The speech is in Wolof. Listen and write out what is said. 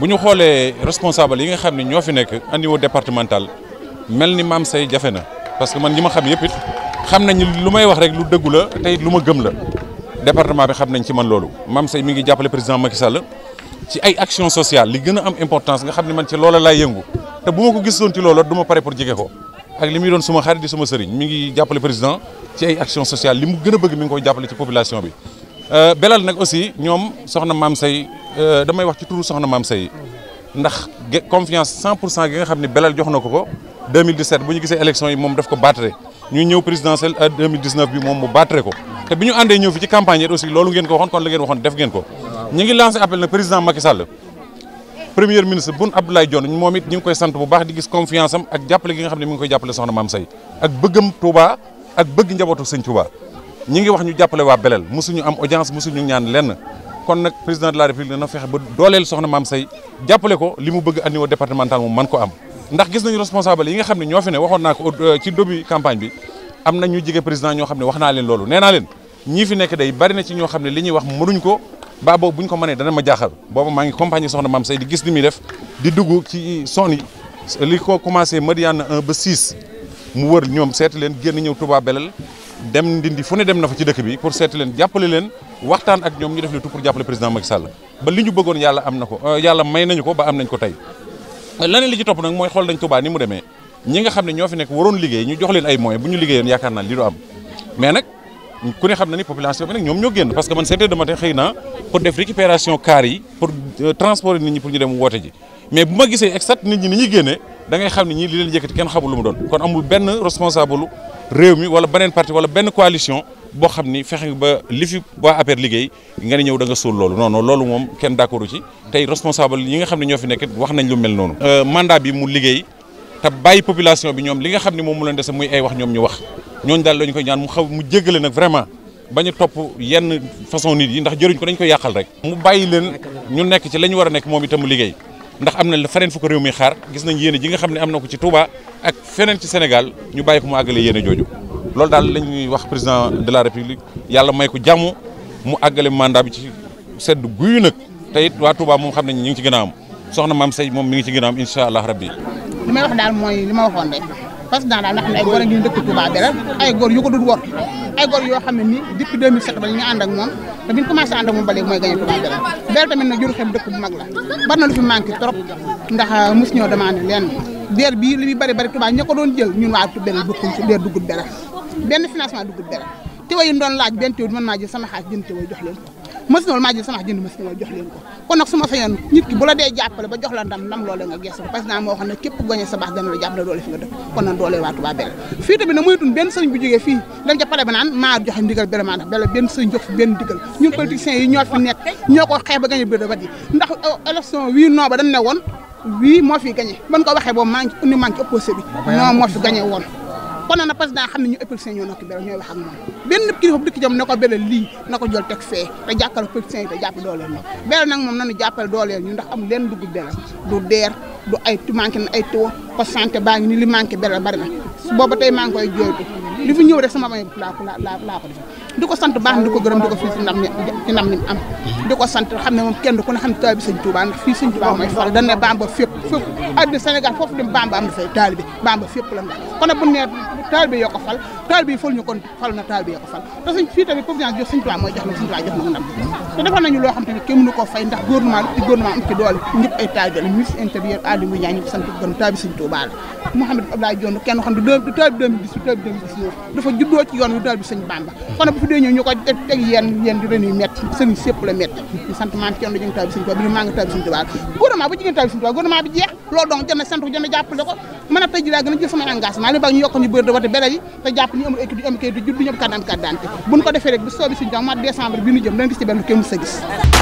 bu ñu xoolee responsable yi nga xam ne ñoo fi nekk à niveau départemental mel ni maam say jafe na parce que man ñi ma xam yëpp xam nañ lu may wax rek lu dëggu la tey lu ma gëm la département bi xam nañ ci man loolu maam say mi ngi jàppale président Macky Sall ci ay action sociale li gën a am importance nga xam ne man ci loola laay yëngu te bu ko gisoon ci loola du ma pare pour jege ko ak li muy doon suma xarit di suma mi ngi jàppale président action sociale li mu gën a bëgg mi ngi koy jàppale ci population bi euh, belal nag aussi ñoom soxna maam say Euh, damay wax ci turu soxna maam Seye ndax confiance 100 pour cent gi nga xam ne Belal jox na ko ko 2017 bu ñu gisee élection yi moom daf ko battre ñu ñëw présidentielle à 2019 bi moom mu battre ko te bi ñu àndee ñëw fi ci campagne aussi loolu ngeen ko waxoon kon la ngeen waxoon def ngeen ko ñu ngi lancé appel nag président Macky Sall ministre Boun Abdoulaye Dione moom it ñu ngi koy sant bu baax di gis confiance ak jàppale gi nga xam ne mi ngi koy jàppale soxna maam Seye ak bëggam Touba ak bëgg wax ñu jàppale waa Belal mosuñu am audience mosuñu ñaan lenn kon nag président de la république dana fexe ba dooleel soxna maam say jàppale ko li mu bëgg a niveau départemental moom man ko am ndax gis nañu responsable yi nga xam ne ñoo fi ne waxoon naa ko euh, ci début campagne bi am na ñu jige président ñoo xam ne wax naa leen loolu nee naa leen ñii fi nekk day barina na ci ñoo xam ne li ñuy wax mënuñ ko baa boobu bu ñu ko mënee dana ma jaaxal boobu maa ngi compagnie soxna maam say di gis li muy def di dugg ci son yi li ko commencé Madiane ba 6 mu wër ñoom seeti leen génn ñëw Touba Belel dem ndindi fu ne dem na fa ci dëkk bi pour seeti leen jàppale leen waxtaan ak ñoom ñu def le tout pour jàppale président Macky Sall ba li ñu bëggoon yàlla am na ko euh, yàlla may nañu ko ba am nañ ko tey leneen li ci topp nag mooy xool nañ Touba ni mu demee ñi nga xam ne ñoo fi nekk waroon liggéey ñu jox leen ay moyens bu ñu liggéeyoon yaakaar naa li du am mais nag ku ne xam na ni population bi nag ñoom ñoo génn parce que man seetee dama te xëy na pour def récupération euh, bu ma gisee exact nit ñi ni ñuy génnee dangay xam ne ñii li leen yëkkati kenn xamul lu mu doon kon amul benn responsable réew mi wala beneen parti wala benn coalition boo xam ni fexe ba li APR liggéey nga ne ñëw da nga loolu non loolu moom kenn d'accordu ci tey responsable yi nga xam ne ñoo fi nekk wax nañ lu mel noonu. Euh, mandat bi mu liggéey te bàyyi population bi ñoom li nga xam ne moom mu leen dese muy ay wax ñoom ñu wax ñooñ daal lañu koy ñaan mu xaw mu jéggale nag vraiment bañ a topp yenn façon nit yi ndax jëruñ ko dañ koy yàqal rek. mu bàyyi leen ñu nekk ci la ñu war a nekk moom itam liggéey. ndax am na la feneen fu ko réew mi xaar gis nañ yéene ji nga xam ne am na ko ci Touba ak feneen ci Sénégal ñu bàyyi ko mu àggale yéene jooju loolu daal la ñuy wax président de la république yàlla may ko jàmm mu àggale mandat bi ci sedd guyu nag te it waa Touba moom xam nañ ñu ngi ci gën a am soxna maam say moom mi ngi ci gën a am incha allah rabbi li may wax daal mooy li ma waxoon rek parce daal daal nga ne ay a ngi dëkk Touba bi ay góor yu ko dul wor ay gor yoo xam ne nii depuis 2007 ba ñu ànd moom te bi ñu commencé ànd ak moom ba léegi mooy gagné Touba Belel Belel tamit nag jur xem dëkk bu mag la bari na lu fi manqué trop ndax euh, mos ñoo demandé leen DER bi li muy bari bari Touba ña ko doon jël ñun waa Belel bokkuñ ci DER duggul dara benn financement duggul dara teewa yi ñu doon laaj benn teew bi mën naa jël sama xaalis jënd teewa jox leen ko masinol maa jël sama jënd masinol jox leen ko kon nag su ma sañoon nit ki bu la dee jàppale ba jox la ndam ndam nga gees ko parce que moo xam ne benn sëñ bu fii dem ca pare ba naan maa joxe ndigal benn sëñ jox benn digal ñun politiciens yi ba gañe biir dafa di ndax euh, élection wii noo ba dañ woon wii moo fi gañe ban ko waxee boobu maa ngi indi maa ngi ci opposé moo fi gañe woon konoon na président xam ne ñu politicien ñoo nokki beral ñooy wax ak moom benn kilifa bu dëkk jom na ko beral lii na ko jël teg fee te jàppale politicien yi te jàpp dooleel na beral nag moom nañu jàppale dooleel ñu ndax am leen dugg beral du deer du ay manqué na ay taux parce que baa ngi nii li manqué beral bari na booba tey maa ngi koy jooytu li fi ñëw rek sama may laa ko laa ko di ko sant baax na di ko gërëm di ko fii ci ndam ci ndam ni mu am di ko sant xam ne moom kenn ku ne xam ne taalibi sëñ Touba ndax fii sëñ Touba mooy fal dañ ne Bamba fépp fépp àddina Sénégal foofu dem Bamba am na fay taalibi Bamba fépp la ndax kon nag bu ne taalibi yoo ko fal taalibi yi fal ñu kon fal na taalibi yoo ko fal te suñ fii tamit providence jox sëñ Touba mooy jox na sëñ Touba jox na ndam te defal nañu loo xam tamit kenn mënu koo fay ndax gouvernement ci gouvernement am ci doole ñëpp ay taalibi la ministre intérieur Aly Ngouille Ndiaye ñu ko sant ko gërëm taalibi sëñ Touba la Mouhamed Abdoulaye Dione kenn xam ne du taalibi 2018 taalibi 2019 dafa juddoo ci yoon wi taalibi sëñ Bamba fi dee ñëw ñu ko teg yeen di renuy métti sëriñ sépp la métti ñu sant maam Thierno Dieng taal bi suñu bi ñu maa ngi taal bi suñu bi suñu tubaab gouvernement bi jeex sant ko jënd jàppale ko mën a tey ji laa gën a jël sama engagement li bag ñu yokk ñu bëri wate bele yi te jàpp ñu amul étude am kayit du jur du ñu am carte d'identité buñ ko defee rek bu soobee suñu tam mois bi ñu jëm dañ gis ci benn kenn mu sa